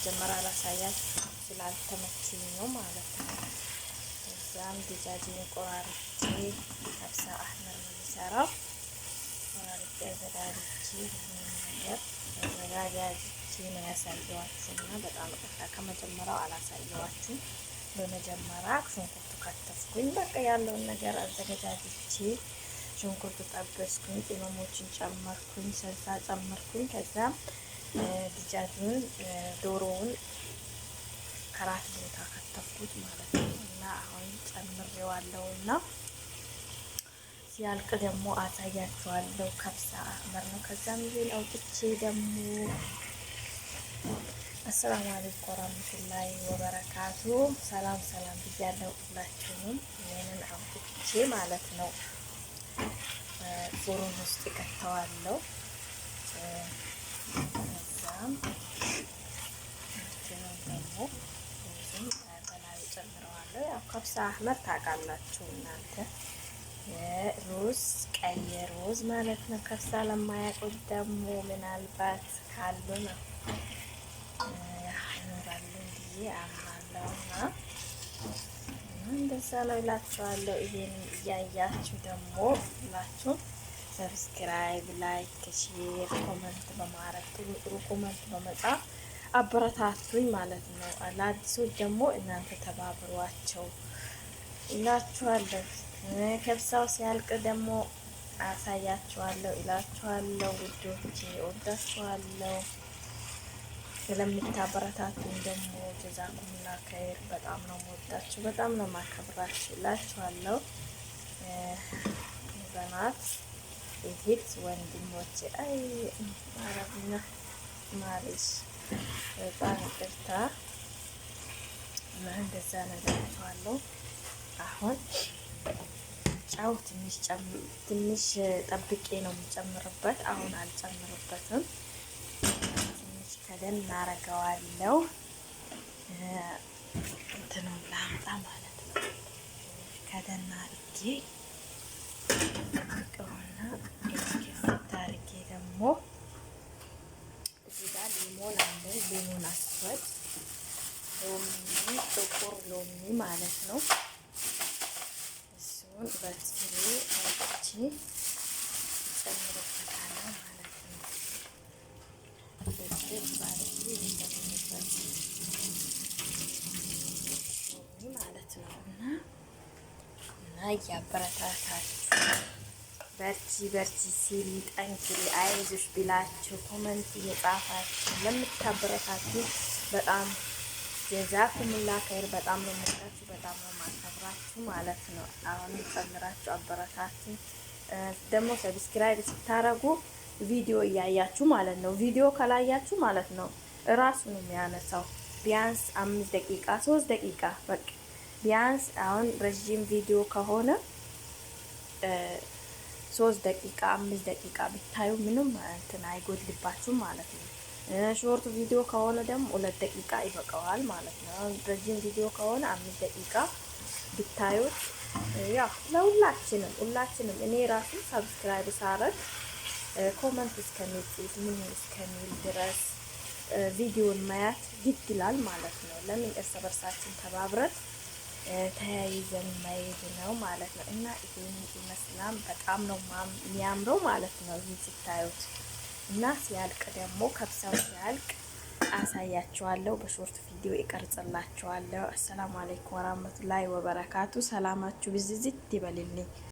መጀመሪያ ላሳያት ስላልተመቸኝ ነው ማለት ነው። እዛም ዲጃጅን ቆራርጬ አብሳ አህመር ነው የሚሰራው። ቆራርጬ አዘጋጅቼ ነገር አዘጋጃጅቼ ነው ያሳየዋችሁ እና በጣም በቃ ከመጀመሪያው አላሳየዋችሁም። በመጀመሪያ ሽንኩርቱ ከተፍኩኝ በቃ ያለውን ነገር አዘገጃጅቼ ሽንኩርቱ ጠበስኩኝ፣ ቅመሞችን ጨመርኩኝ፣ ሰልሳ ጨመርኩኝ ከዛም ድጃጁን ዶሮውን ከራት ቦታ ከተፍኩት ማለት ነው እና አሁን ጨምሬዋለሁ እና ሲያልቅ ደግሞ አሳያችኋለሁ። ከብሳ አህመር ነው። ከዛም ይሄን አውጥቼ ደግሞ አሰላሙ አለይኩም ወራህመቱላሂ ወበረካቱ። ሰላም ሰላም ብያለሁ ሁላችሁም። ይሄንን አውጥቼ ማለት ነው ፎሮን ውስጥ ከተዋለሁ። ከዛም ከብሳ አህመድ ታውቃላችሁ እናንተ የሩዝ ቀይ ሩዝ ማለት ነው። ከብሳ ለማያውቁት ደግሞ ምናልባት ካሉ ነው ይኖራሉ ብዬ አምናለሁና እንደዛ ነው ይላችኋለሁ። ይሄን እያያችሁ ደግሞ ሰብስክራይብ፣ ላይክ፣ ሼር፣ ኮመንት በማድረግ ጥሩ ጥሩ ኮመንት በመጻፍ አበረታቱኝ ማለት ነው። ለአዲሶች ደግሞ እናንተ ተባብሯቸው እላችኋለሁ። ከብሳው ሲያልቅ ደግሞ አሳያችኋለሁ እላችኋለሁ። ውዶቼ ወዳችኋለሁ። ስለምታበረታቱኝ ደግሞ ጀዛኩምላ ከይር በጣም ነው የምወዳችሁ፣ በጣም ነው የማከብራችሁ እላችኋለሁ። በናት እህት ወንድሞች አይ አረብኛ ማለሽ በጣም ይቅርታ እና እንደዛ ነገር አሁን ጨው ትንሽ ጠብቄ ነው የምጨምርበት። አሁን አልጨምርበትም። ትንሽ ከደን እናረገዋለው። እንትኑን ላምጣ ማለት ነው ከደን አድርጌ ሎሚ ማለት ነው። እሱን በትሪ አውጥቼ ጨምርበታለሁ ማለት ነው። ድርድር ባርጌ የጨምርበት ሎሚ ማለት ነው እና እና እያበረታታችሁ በርቺ በርቺ ሲል ጠንክሪ አይዞሽ ቢላችሁ ኮመንት የጻፋችሁ ለምታበረታችሁ በጣም ጀዛኩሙላ ኸይር። በጣም ነው የምወዳችሁ፣ በጣም ነው የማከብራችሁ ማለት ነው። አሁንም ጨምራችሁ አበረታችሁ። ደግሞ ሰብስክራይብ ስታረጉ ቪዲዮ እያያችሁ ማለት ነው። ቪዲዮ ከላያችሁ ማለት ነው እራሱ ነው የሚያነሳው። ቢያንስ አምስት ደቂቃ ሶስት ደቂቃ በቃ ቢያንስ አሁን ረዥም ቪዲዮ ከሆነ ሶስት ደቂቃ አምስት ደቂቃ ብታዩ ምንም እንትን አይጎድልባችሁም ማለት ነው። ሾርት ቪዲዮ ከሆነ ደግሞ ሁለት ደቂቃ ይበቃዋል ማለት ነው። ረጅም ቪዲዮ ከሆነ አምስት ደቂቃ ብታዩት ያው ለሁላችንም ሁላችንም እኔ ራሱ ሰብስክራይብ ሳረግ ኮመንት እስከሚጽፍ ምን እስከሚል ድረስ ቪዲዮን ማየት ግድ ይላል ማለት ነው። ለምን እርስ በርሳችን ተባብረት ተያይዘን መሄድ ነው ማለት ነው እና ይሄን ይመስላል። በጣም ነው የሚያምረው ማለት ነው ይህ ስታዩት እና ሲያልቅ ደግሞ ከብሳው ሲያልቅ አሳያችኋለሁ። በሾርት ቪዲዮ ይቀርጽላችኋለሁ። አሰላሙ አለይኩም ወራህመቱላሂ ወበረካቱ። ሰላማችሁ ብዝዝት ይበልልኝ።